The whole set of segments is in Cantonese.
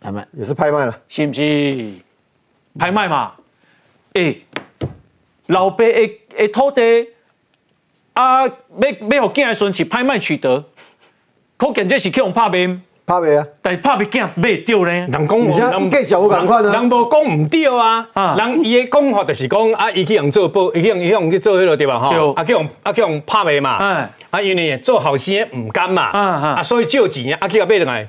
拍賣也是拍賣了，是唔是？拍賣嘛，哎、欸，老爸的的土地，啊，買買後生的時候是拍賣取得，可畢竟，是去拍賣，拍賣啊，但拍賣件買唔到咧。人講，人講，人無講唔掉啊。啊人伊的講法就是講對啊，伊去用、啊、做寶，伊去用去做迄個地方哈。啊，去用啊，去用拍賣嘛。啊，因為做好事唔甘嘛，啊，所以借錢啊，去用買轉來。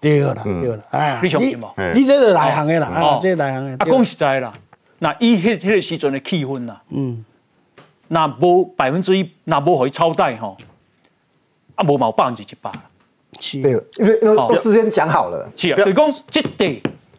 對啦，對啦，哎呀，你相信冇？你真這個內行的啦，啊，這個內行的。啊，講實在啦，那伊迄迄個時陣的氣氛啦，嗯，那冇百分之一，那冇互伊超貸吼，啊冇冇百分之一百，是，因為因為事先講好了，是啊，所以講對。